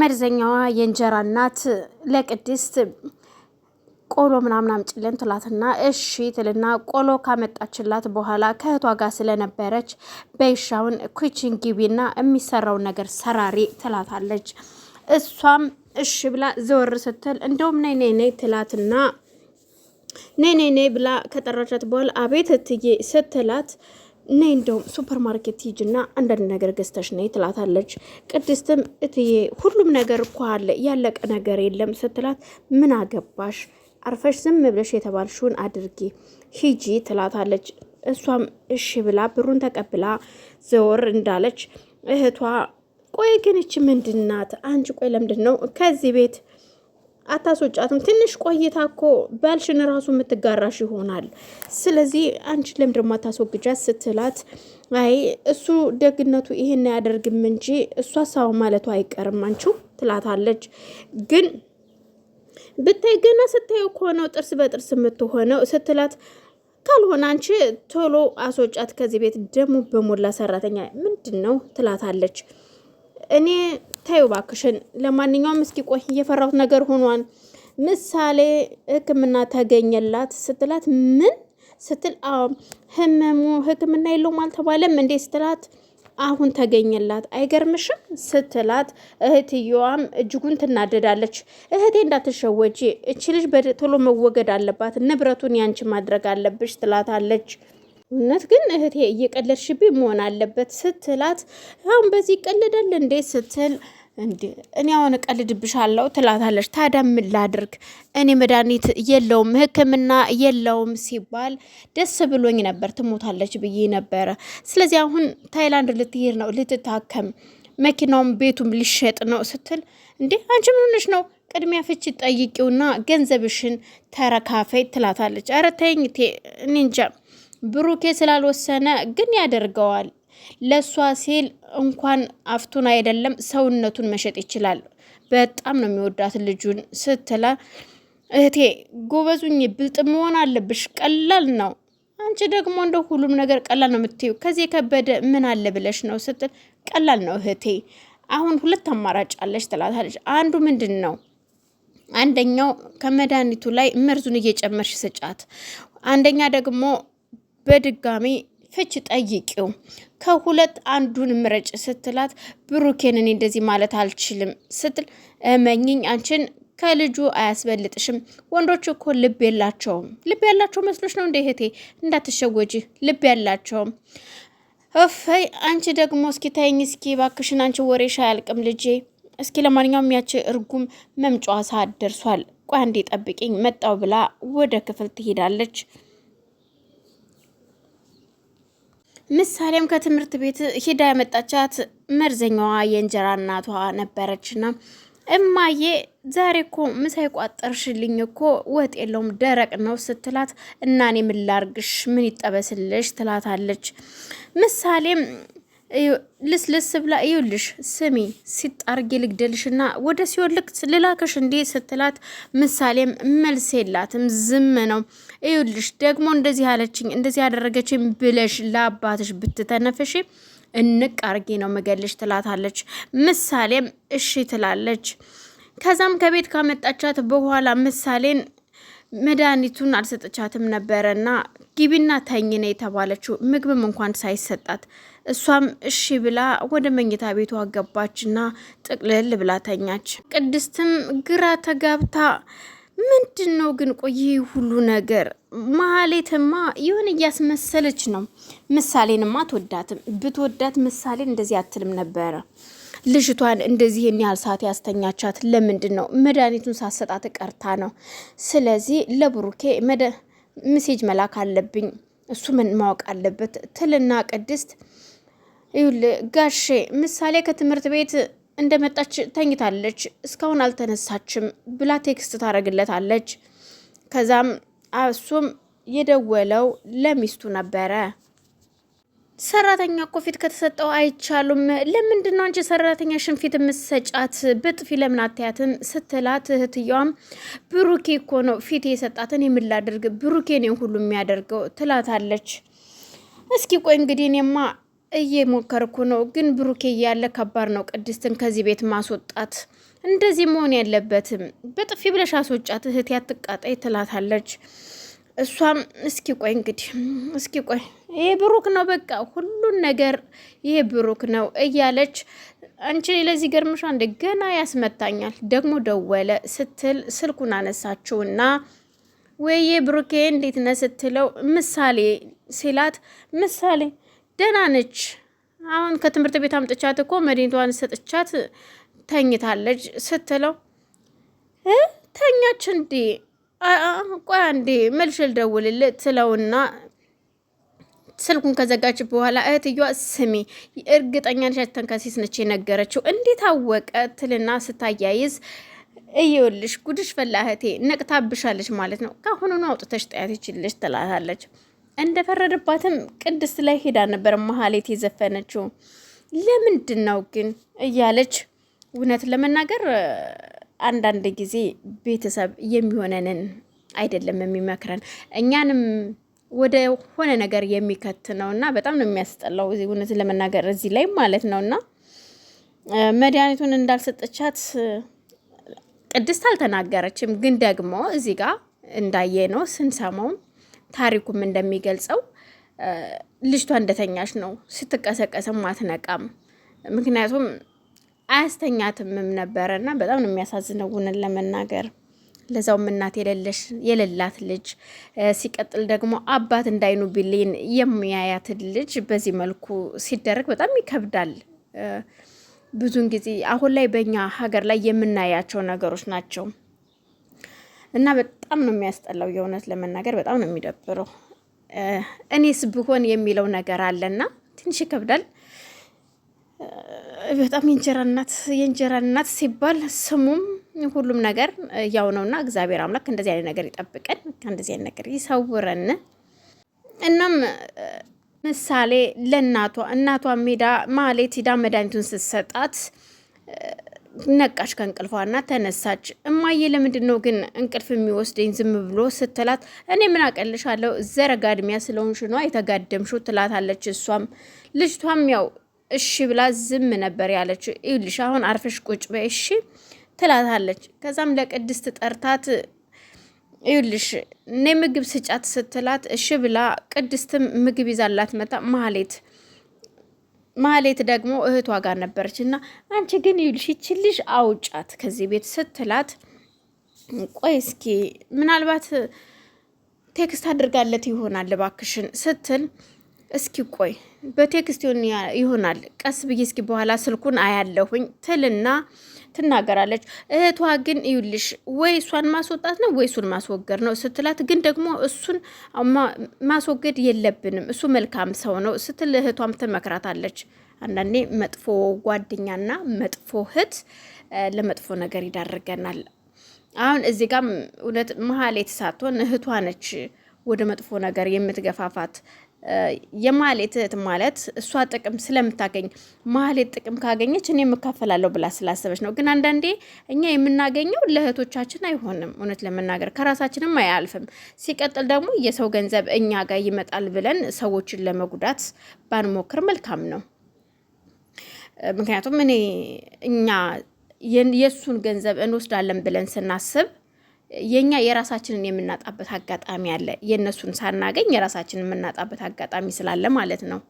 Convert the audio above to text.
መርዘኛዋ የእንጀራ እናት ለቅድስት ቆሎ ምናምን አምጪልን ትላትና እሺ ትልና ቆሎ ካመጣችላት በኋላ ከእህቷ ጋር ስለነበረች በይሻውን ኩችን ግቢና የሚሰራውን ነገር ሰራሪ ትላታለች። እሷም እሺ ብላ ዘወር ስትል እንደውም ነይ ነይ ነይ ትላትና ነይ ነይ ነይ ብላ ከጠራቻት በኋላ አቤት እትዬ ስትላት እኔ እንደውም ሱፐር ማርኬት ሂጅና አንዳንድ ነገር ገዝተሽ ነይ ትላታለች። ቅድስትም እትዬ ሁሉም ነገር እኮ አለ ያለቀ ነገር የለም ስትላት ምን አገባሽ አርፈሽ ዝም ብለሽ የተባልሽውን አድርጊ ሂጂ ትላታለች። እሷም እሺ ብላ ብሩን ተቀብላ ዘወር እንዳለች እህቷ ቆይ ግን እች ምንድናት አንቺ ቆይ ለምንድን ነው ከዚህ ቤት አታስወጫትም። ትንሽ ቆይታ እኮ ባልሽን ራሱ የምትጋራሽ ይሆናል። ስለዚህ አንቺ ለምድ ነው ስትላት፣ አይ እሱ ደግነቱ ይሄን አያደርግም እንጂ እሷ ሳው ማለቱ አይቀርም አንቺው ትላታለች። ግን ብታይ ገና ስታየው ከሆነው ጥርስ በጥርስ የምትሆነው ስትላት ካልሆነ አንቺ ቶሎ አስወጫት ከዚህ ቤት። ደግሞ በሞላ ሰራተኛ ምንድን ነው ትላታለች። እኔ ታዩ ባክሽን። ለማንኛውም እስኪ ቆይ እየፈራሁት ነገር ሆኗል። ምሳሌ ሕክምና ተገኘላት ስትላት ምን ስትል ህመሙ ሕክምና የለውም አልተባለም እንዴ ስትላት አሁን ተገኘላት አይገርምሽም? ስትላት እህትየዋም እጅጉን ትናደዳለች። እህቴ እንዳትሸወጂ፣ እቺ ልጅ ቶሎ መወገድ አለባት፣ ንብረቱን ያንቺ ማድረግ አለብሽ ትላታለች። እውነት ግን እህቴ እየቀለድሽብኝ መሆን አለበት ስትላት፣ አሁን በዚህ ይቀለዳል እንዴ ስትል እንዴ እኔ አሁን እቀልድብሻለሁ ትላታለች። ታዲያ ምን ላድርግ እኔ መድኃኒት የለውም ሕክምና የለውም ሲባል ደስ ብሎኝ ነበር። ትሞታለች ብዬ ነበረ። ስለዚህ አሁን ታይላንድ ልትሄድ ነው ልትታከም፣ መኪናውም ቤቱም ሊሸጥ ነው ስትል እንዴ አንቺ ምን ሆነሽ ነው? ቅድሚያ ፍቺ ጠይቂውና ገንዘብሽን ተረካፈይ ትላታለች። ኧረ ተይኝ እኔ እንጃ ብሩኬ ስላልወሰነ ግን ያደርገዋል። ለእሷ ሲል እንኳን አፍቱን አይደለም ሰውነቱን መሸጥ ይችላል። በጣም ነው የሚወዳት ልጁን ስትላ፣ እህቴ ጎበዙኝ፣ ብልጥ መሆን አለብሽ። ቀላል ነው። አንቺ ደግሞ እንደ ሁሉም ነገር ቀላል ነው የምትዩ፣ ከዚህ የከበደ ምን አለ ብለሽ ነው ስትል፣ ቀላል ነው እህቴ። አሁን ሁለት አማራጭ አለሽ ትላታለች። አንዱ ምንድን ነው? አንደኛው ከመድኃኒቱ ላይ መርዙን እየጨመርሽ ስጫት። አንደኛ ደግሞ በድጋሚ ፍች ጠይቂው ከሁለት አንዱን ምረጭ ስትላት ብሩኬን እኔ እንደዚህ ማለት አልችልም ስትል እመኝኝ አንቺን ከልጁ አያስበልጥሽም። ወንዶች እኮ ልብ የላቸውም። ልብ ያላቸው መስሎች ነው እንደ እህቴ እንዳትሸወጂ፣ ልብ ያላቸውም። እፈይ አንቺ ደግሞ እስኪ ተይኝ እስኪ ባክሽን፣ አንቺ ወሬሽ አያልቅም ልጄ። እስኪ ለማንኛውም ያቺ እርጉም መምጫዋ ሰዓት ደርሷል፣ ቆይ አንዴ ጠብቂኝ መጣው ብላ ወደ ክፍል ትሄዳለች። ምሳሌም ከትምህርት ቤት ሂዳ ያመጣቻት መርዘኛዋ የእንጀራ እናቷ ነበረችና እማዬ ዛሬ እኮ ምሳ ቋጠርሽልኝ እኮ ወጥ የለውም ደረቅ ነው ስትላት፣ እናኔ ምን ላርግሽ ምን ይጠበስልሽ ትላታለች ምሳሌም ልስ ልስ ብላ እዩልሽ ስሚ ሲጣርጌ ልግደልሽና ወደ ሲወልቅ ልላክሽ እንዴ ስትላት ምሳሌም መልስ የላትም ዝም ነው። እዩልሽ ደግሞ እንደዚህ አለችኝ እንደዚህ ያደረገችኝ ብለሽ ለአባትሽ ብትተነፍሽ እንቅ አርጌ ነው መገልሽ ትላታለች። ምሳሌም እሺ ትላለች። ከዛም ከቤት ካመጣቻት በኋላ ምሳሌን መድኃኒቱን አልሰጠቻትም ነበረና ግቢና ተኝነ የተባለችው ምግብም እንኳን ሳይሰጣት እሷም እሺ ብላ ወደ መኝታ ቤቷ ገባችና ጥቅልል ብላ ተኛች። ቅድስትም ግራ ተጋብታ ምንድን ነው ግን ቆይ ሁሉ ነገር መሀሌትማ ይሁን እያስመሰለች ነው። ምሳሌንማ አትወዳትም። ብትወዳት ምሳሌን እንደዚህ አትልም ነበረ። ልጅቷን እንደዚህ ያህል ሰዓት ያስተኛቻት ለምንድን ነው? መድኃኒቱን ሳሰጣት ቀርታ ነው። ስለዚህ ለብሩኬ ምሴጅ መላክ አለብኝ፣ እሱ ምን ማወቅ አለበት ትልና ቅድስት ይሁል ጋሼ ምሳሌ ከትምህርት ቤት እንደመጣች ተኝታለች፣ እስካሁን አልተነሳችም ብላ ቴክስት ታደርግለታለች። ከዛም እሱም የደወለው ለሚስቱ ነበረ። ሰራተኛ እኮ ፊት ከተሰጠው አይቻሉም። ለምንድን ነው አንቺ ሰራተኛ ሽንፊት የምትሰጫት? ብጥፊ ለምን አታያትም? ስትላት እህትየዋም ብሩኬ እኮ ነው ፊት የሰጣትን የምላደርግ ብሩኬ ነው ሁሉ የሚያደርገው ትላታለች። እስኪ ቆይ እንግዲህ እኔማ እየሞከርኩ ነው፣ ግን ብሩኬ እያለ ከባድ ነው ቅድስትን ከዚህ ቤት ማስወጣት። እንደዚህ መሆን ያለበትም በጥፊ ብለሽ አስወጫት እህቴ፣ አትቃጣይ ትላታለች። እሷም እስኪ ቆይ እንግዲህ እስኪ ቆይ ይሄ ብሩክ ነው በቃ ሁሉን ነገር ይሄ ብሩክ ነው እያለች አንቺ ለዚህ ገርምሻ እንደ ገና ያስመታኛል ደግሞ ደወለ ስትል ስልኩን አነሳችውና ወይዬ ብሩኬ እንዴት ነህ ስትለው ምሳሌ ሲላት ምሳሌ ደህና ነች አሁን ከትምህርት ቤት አምጥቻት እኮ መድኃኒቷን ሰጥቻት ተኝታለች ስትለው ተኛች እንዴ ቆይ አንዴ መልሼ ልደውልልህ ትለውና ስልኩን ከዘጋች በኋላ እህትዮዋ ስሚ፣ እርግጠኛ ነሽ ተንከሲስ ነች የነገረችው እንዴት አወቀ ትልና ስታያይዝ እየውልሽ ጉድሽ ፈላ እህቴ ነቅታብሻለች ማለት ነው። ከአሁኑኑ አውጥተሽ ጠያት ይችልሽ ትላታለች። እንደፈረደባትም ቅድስት ላይ ሄዳ ነበር መሀሌት የዘፈነችው ለምንድን ነው ግን እያለች እውነት ለመናገር አንዳንድ ጊዜ ቤተሰብ የሚሆነንን አይደለም የሚመክረን እኛንም ወደ ሆነ ነገር የሚከት ነው እና በጣም ነው የሚያስጠላው። እውነት ለመናገር እዚህ ላይ ማለት ነው እና መድኃኒቱን እንዳልሰጠቻት ቅድስት አልተናገረችም። ግን ደግሞ እዚህ ጋር እንዳየ ነው ስንሰማውም ታሪኩም እንደሚገልጸው ልጅቷ እንደተኛች ነው ስትቀሰቀስም አትነቃም። ምክንያቱም አያስተኛትምም ነበረ እና በጣም ነው የሚያሳዝነው ውንን ለመናገር ለዛውም እናት የሌለሽ የሌላት ልጅ ሲቀጥል ደግሞ አባት እንዳይኑ ቢሌን የሚያያትን ልጅ በዚህ መልኩ ሲደረግ በጣም ይከብዳል። ብዙን ጊዜ አሁን ላይ በእኛ ሀገር ላይ የምናያቸው ነገሮች ናቸው እና በጣም ነው የሚያስጠላው። የእውነት ለመናገር በጣም ነው የሚደብረው። እኔስ ብሆን የሚለው ነገር አለና ትንሽ ይከብዳል። በጣም የእንጀራ እናት የእንጀራ እናት ሲባል ስሙም ሁሉም ነገር ያው ነውና እግዚአብሔር አምላክ እንደዚህ አይነት ነገር ይጠብቀን፣ እንደዚህ አይነት ነገር ይሰውረን። እናም ምሳሌ ለእናቷ እናቷ ሜዳ ማሌት ሂዳ መድኃኒቱን ስትሰጣት ነቃች ከእንቅልፏና ተነሳች። እማዬ ለምንድን ነው ግን እንቅልፍ የሚወስደኝ ዝም ብሎ ስትላት፣ እኔ ምን አቀልሻለሁ ዘረጋድሚያ ስለሆንሽ ነዋ የተጋደምሽው ትላታለች። እሷም ልጅቷም ያው እሺ ብላ ዝም ነበር ያለችው። ይኸውልሽ አሁን አርፈሽ ቁጭ በይ እሺ ትላታለች። ከዛም ለቅድስት ጠርታት ይኸውልሽ እኔ ምግብ ስጫት ስትላት እሺ ብላ ቅድስትም ምግብ ይዛላት መጣ ማህሌት ማህሌት ደግሞ እህቷ ጋር ነበረች እና አንቺ ግን ይኸውልሽ ይቺን ልጅ አውጫት ከዚህ ቤት ስትላት ቆይ እስኪ ምናልባት ቴክስት አድርጋለት ይሆናል እባክሽን ስትል እስኪ ቆይ በቴክስት ይሆናል ቀስ ብዬ እስኪ በኋላ ስልኩን አያለሁኝ ትልና ትናገራለች። እህቷ ግን ይውልሽ ወይ እሷን ማስወጣት ነው ወይ እሱን ማስወገድ ነው ስትላት፣ ግን ደግሞ እሱን ማስወገድ የለብንም እሱ መልካም ሰው ነው ስትል እህቷም ትመክራታለች። አንዳንዴ መጥፎ ጓደኛና መጥፎ እህት ለመጥፎ ነገር ይዳርገናል። አሁን እዚህ ጋር እውነት መሀል የተሳትሆን እህቷ ነች ወደ መጥፎ ነገር የምትገፋፋት የማሌት እህት ማለት እሷ ጥቅም ስለምታገኝ ማሌት ጥቅም ካገኘች እኔ የምካፈላለሁ ብላ ስላሰበች ነው። ግን አንዳንዴ እኛ የምናገኘው ለእህቶቻችን አይሆንም፣ እውነት ለመናገር ከራሳችንም አያልፍም። ሲቀጥል ደግሞ የሰው ገንዘብ እኛ ጋር ይመጣል ብለን ሰዎችን ለመጉዳት ባንሞክር መልካም ነው። ምክንያቱም እኔ እኛ የእሱን ገንዘብ እንወስዳለን ብለን ስናስብ የኛ የራሳችንን የምናጣበት አጋጣሚ አለ። የእነሱን ሳናገኝ የራሳችንን የምናጣበት አጋጣሚ ስላለ ማለት ነው።